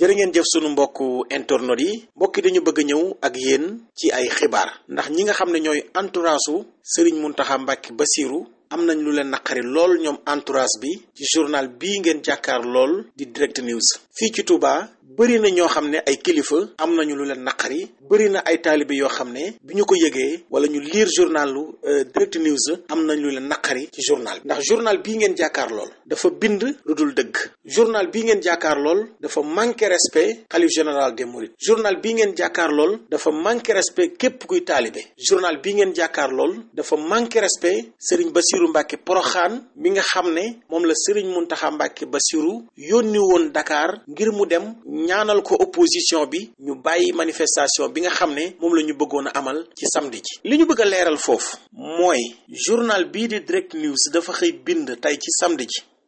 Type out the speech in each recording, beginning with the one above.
jërë ngeen jëf sunu mbokk internautes yi mbokk yi dañu bëgg a ñëw ak yéen ci ay xibaar ndax ñi nga xam ne ñooy entourage u Serigne Mountakha Mbacké Bassirou am nañ lu leen naqari lool ñoom entourage bi ci journal bii ngeen jàkkaar lool di direct news fii ci Touba bëri na ñoo xam ne ay kilifa am nañu lu leen naqari bëri na ay taalibe yoo xam ne bi ñu ko yëgee wala ñu lire journalu euh, direct news am nañu lu leen naqari ci journal ndax journal bii ngeen jàkkaar dafa bind lu dul dëgg journal bii ngeen jàkkaar lool dafa manqué respect xalif général des mourides journal bii ngeen jàkkaar lool dafa manqué respect képp kuy taalibe journal bii ngeen jàkkaar lool dafa manqué respect sëriñ Basiru Mbàkke Poroxaan bi nga xam ne moom la sëriñ Muntaxa Mbàkke Basiru yónni woon Dakar ngir mu dem ñaanal ko opposition bi ñu bàyyi manifestation bi nga xam ne moom la ñu bëggoon a amal ci samedi ji li ñu bëgg a leeral foofu mooy journal bii di Direct dafa xëy bind tey ci samedi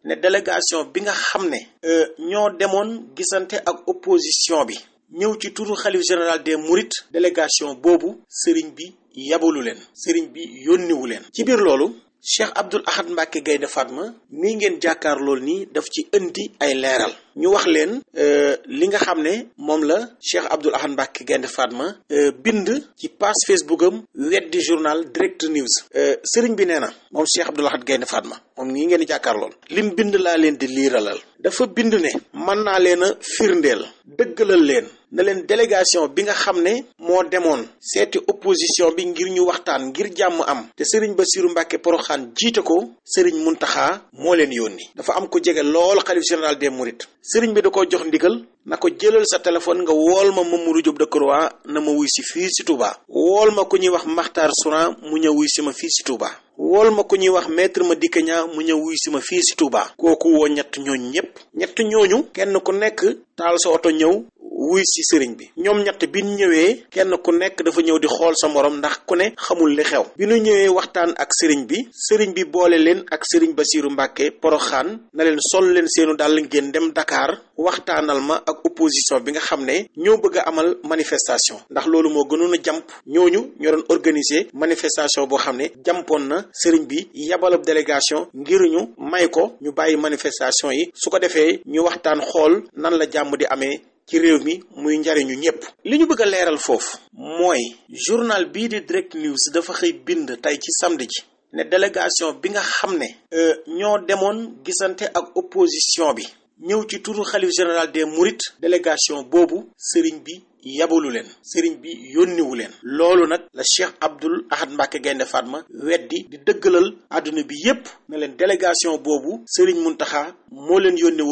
ne délégation bi nga xam ne euh, ñoo demoon gisante ak opposition bi ñëw ci turu xalif général des mourides délégation boobu sëriñ bi yabalu leen sëriñ bi yónniwu leen ci biir loolu Cheikh Abdoul Ahad Mbacké Gaynde Fatma mii ngeen jàkkaar lool nii daf ci indi ay leeral ñu wax leen euh, li nga xam ne moom la Cheikh Abdoul Ahad Mbacké Gaynde Fatma euh, bind ci page Facebook am weddi journal Direct News euh, sëriñ bi nee na moom Cheikh Abdoul Ahad Gaynde Fatma moom nii ngeen jàkkaar lool lim bind laa leen di liiralal dafa bind ne mën naa leen a firndeel dëggalal leen na leen délégation bi nga xam ne moo demoon seeti opposition bi ngir ñu waxtaan ngir jàmm am te sëriñ Bassirou Mbacke Porokhane jiite ko sëriñ Muntaxa moo leen yónni dafa am ko jege lool xalif général de mourides sëriñ bi da ko jox ndigal na ko jëlal sa téléphone nga wool ma Mamadou Diop Decroix na ma wuy si fii si Touba wool ma ku ñuy wax Makhtar Souran mu ñëw wuy si ma fii si Touba wool ma ku ñuy wax maître ma dikka ñaa mu ñëw wuy si ma fii si Touba kooku woo ñett ñooñu ñëpp ñett ñooñu kenn ku nekk taal sa oto ñëw wuy si sëriñ bi ñoom ñett bi ñu ñëwee kenn ku nekk dafa ñëw di xool sa morom ndax ku ne xamul li xew bi nu ñëwee waxtaan ak sëriñ bi sëriñ bi boole leen ak sëriñ siiru Mbàkke poroxaan na leen sol leen seenu dàll génn dem dakaar waxtaanal ma ak opposition bi nga xam ne ñoo bëgg a amal manifestation ndax loolu moo gënoon a jàmp ñooñu ñoo doon organiser manifestation boo xam ne jàmpoon na sëriñ bi yabalab délégation ngir ñu may ko ñu bàyyi manifestation yi su ko defee ñu waxtaan xool nan la jàmm di amee ci réew mi muy njariñu ñépp li ñu bëgg a leeral foofu mooy journal bii di direct news dafa xëy bind tey ci samedi ji ne délégation bi nga xam ne euh, ñoo demoon gisante ak opposition bi ñëw ci turu xalif général des mourides délégation boobu sëriñ bi yabalu leen sëriñ bi yónniwu leen loolu nag la Cheikh Abdoul Ahad Mbacké Gaynde Fatma weddi di dëggalal àdduna bi yépp ne leen délégation boobu sëriñ Muntaxa moo leen yónni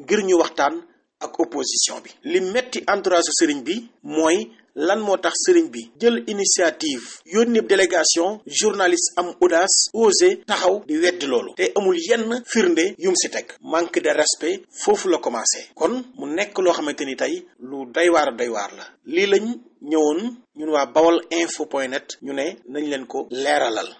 ngir ñu waxtaan ak opposition bi li metti entourage sëriñ bi mooy lan moo tax sëriñ bi jël initiative yónni délégation journaliste am audace osé taxaw di wedd loolu te amul yenn firnde yum si teg manque de respect foofu la commencé kon mu nekk loo xamante ni tey lu doy waar doy la lii lañ ñëwoon ñun waa bawal info point net ñu ne nañ leen ko leeralal